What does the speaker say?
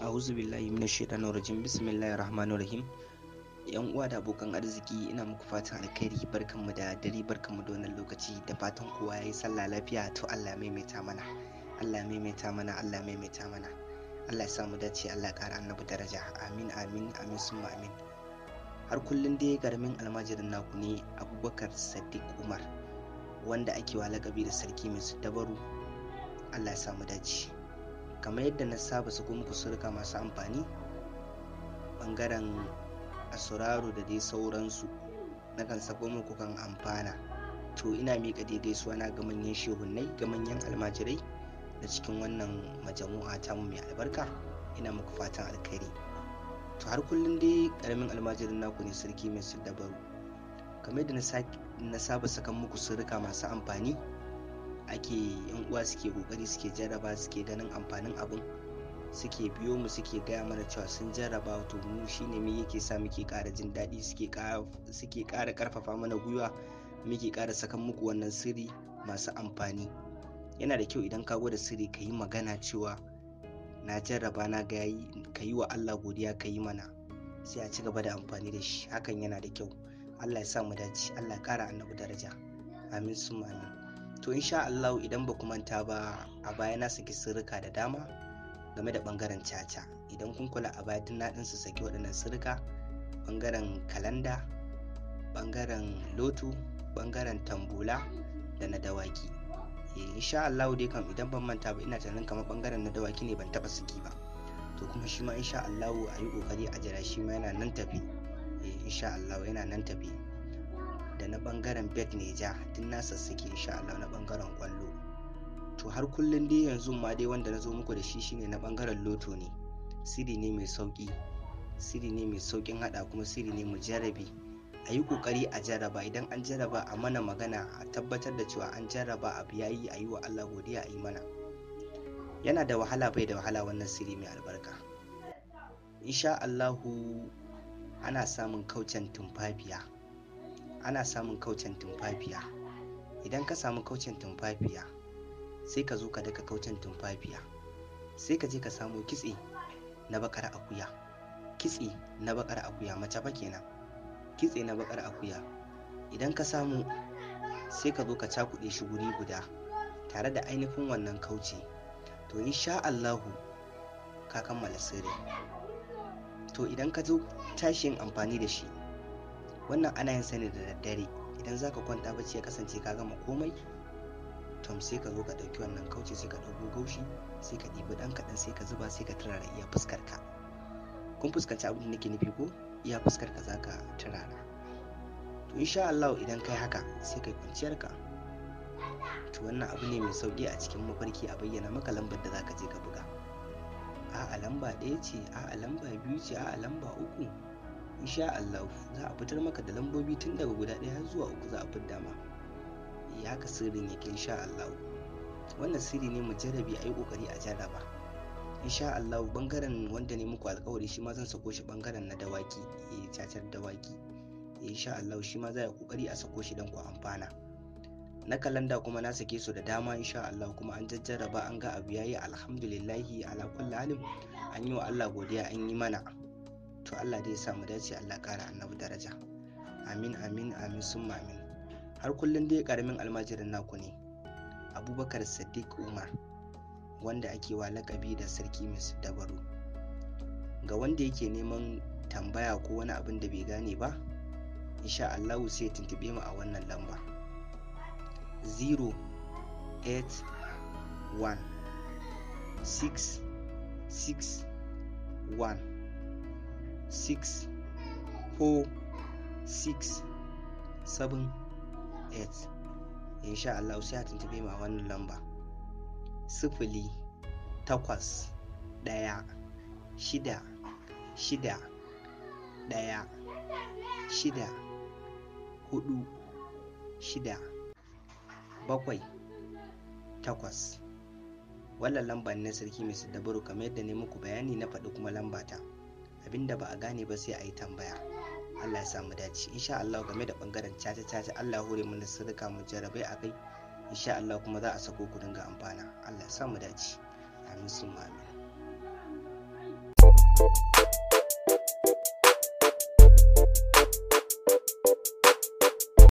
A'udhu billahi minash shaitanir rajim. Bismillahir rahmanir rahim. Yan uwa da abokan arziki ina muku fatan alkhairi barkanmu da dare barkanmu da wannan lokaci da fatan kowa yayi sallah lafiya to Allah maimaita mana. Allah maimaita mana Allah maimaita mana. Allah sa mu dace Allah ƙara annabi daraja. Amin amin amin summa amin. Har kullun dai garmin almajirin naku ne Abubakar Sadiq Umar wanda ake wa lakabi da sarki mai dabaru. Allah ya sa mu dace. kamar yadda na saba su ku surka masu amfani bangaren asuraro da dai sauransu na kan sako muku kan amfana to ina mika daidai suwana ga manyan shehunnai ga manyan almajirai da cikin wannan majamu'a ta mu mai albarka ina muku fatan alkhairi to har kullum dai karamin almajirin naku ne sarki mai dabaru kamar yadda na saba sakan muku surka masu amfani ake yan uwa suke kokari suke jarraba suke ganin amfanin abin suke biyo mu suke gaya mana cewa sun jarraba to mu shine me yake sa muke ƙara jin daɗi suke ƙara ƙarfafa mana gwiwa muke ƙara sakan muku wannan sirri masu amfani yana da kyau idan ka gwada sirri ka yi magana cewa na jarraba na ga ka yi wa Allah godiya ka yi mana sai a ci gaba da amfani da shi hakan yana da kyau Allah ya sa mu dace Allah ya ƙara annabu daraja amin suma to insha Allah idan ba manta ba a baya na saki sirrika da dama game da bangaren caca idan kun kula a baya tun na su saki waɗannan sirrika bangaren kalanda bangaren lotu bangaren tambula da na dawaki eh, insha Allah dai kam idan ban manta ba ina tunanin kamar bangaren na dawaki ne ban taba saki ba to kuma shi ma insha Allah a yi kokari a jira shi ma yana nan tafi eh, insha Allah yana nan tafi da na bangaren bet neja duk na sassake insha Allah na bangaren kwallo to har kullun dai yanzu ma dai wanda na zo muku da shi shine na bangaren loto ne siri ne mai sauki siri ne mai saukin hada kuma siri ne mu jarabi a yi kokari a jaraba idan an jaraba a mana magana a tabbatar da cewa an jaraba abu biyayi a yi wa Allah godiya a yi mana yana da wahala bai da wahala wannan siri mai albarka insha Allahu ana samun kaucen tumfafiya ana samun kaucen tumfafiya idan ka samu kaucen tumfafiya sai ka zo ka daga kaucen tumfafiya sai ka je ka samu kitse na bakar akuya kitse na bakar akuya mace fa kenan kitse na bakar akuya idan ka samu sai ka zo ka cakuɗe shi guri guda tare da ainihin wannan kauce to insha Allahu ka kammala sirri to idan ka zo tashin amfani da shi wannan ana yin sani da daddare idan zaka kwanta bacci ya kasance ka gama komai tom sai ka zo ka ɗauki wannan kauce sai ka ɗauko gaushi sai ka ɗibi ɗan kaɗan sai ka zuba sai ka turara iya fuskar ka kun fuskanci abin da nake nufi ko iya fuskar ka zaka turara to insha Allah idan kai haka sai kai kwanciyar ka to wannan abu ne mai sauki a cikin mafarki a bayyana maka lambar da zaka je ka buga a'a lamba ɗaya ce a'a lamba biyu ce a'a lamba uku insha Allah za a fitar maka da lambobi tun daga guda ɗaya har zuwa uku za a fidda ma ya eh, haka sirrin yake insha Allah wannan sirri ne mu jarabi a yi kokari a jarraba insha Allah bangaren wanda ne muku alkawari shi ma zan sako shi bangaren na dawaki eh cacar dawaki eh, insha Allah shi ma za a kokari a sako shi dan ku amfana na kalanda kuma na sake su da dama insha Allah kuma an jajjaraba an ga abu yayi alhamdulillahi ala kulli halin an yi wa Allah godiya an yi mana to Allah dai ya sa mu dace Allah ƙara annabi daraja amin amin amin summa amin har kullum dai karamin almajirin naku ne abubakar sadiq umar wanda ake wa lakabi da sarki mai dabaru ga wanda yake neman tambaya ko wani abin da bai gane ba insha Allah sai ya tuntube mu a wannan lamba 081 six six one. six four six seven eight insha Allah sai a tuntube ma wannan lamba sifili takwas ɗaya shida shida ɗaya shida hudu shida bakwai takwas wannan lamba na sarki mai sadabaru kamar yadda ne muku bayani na faɗi kuma lambata. Abin da ba a gane ba sai a yi tambaya Allah ya samu dace insha Allah game da bangaren caca caca Allah hore mu da sadaka mu jarabai a kai insha Allah kuma za a sako ku dinga amfana Allah ya samu dace amin sun amin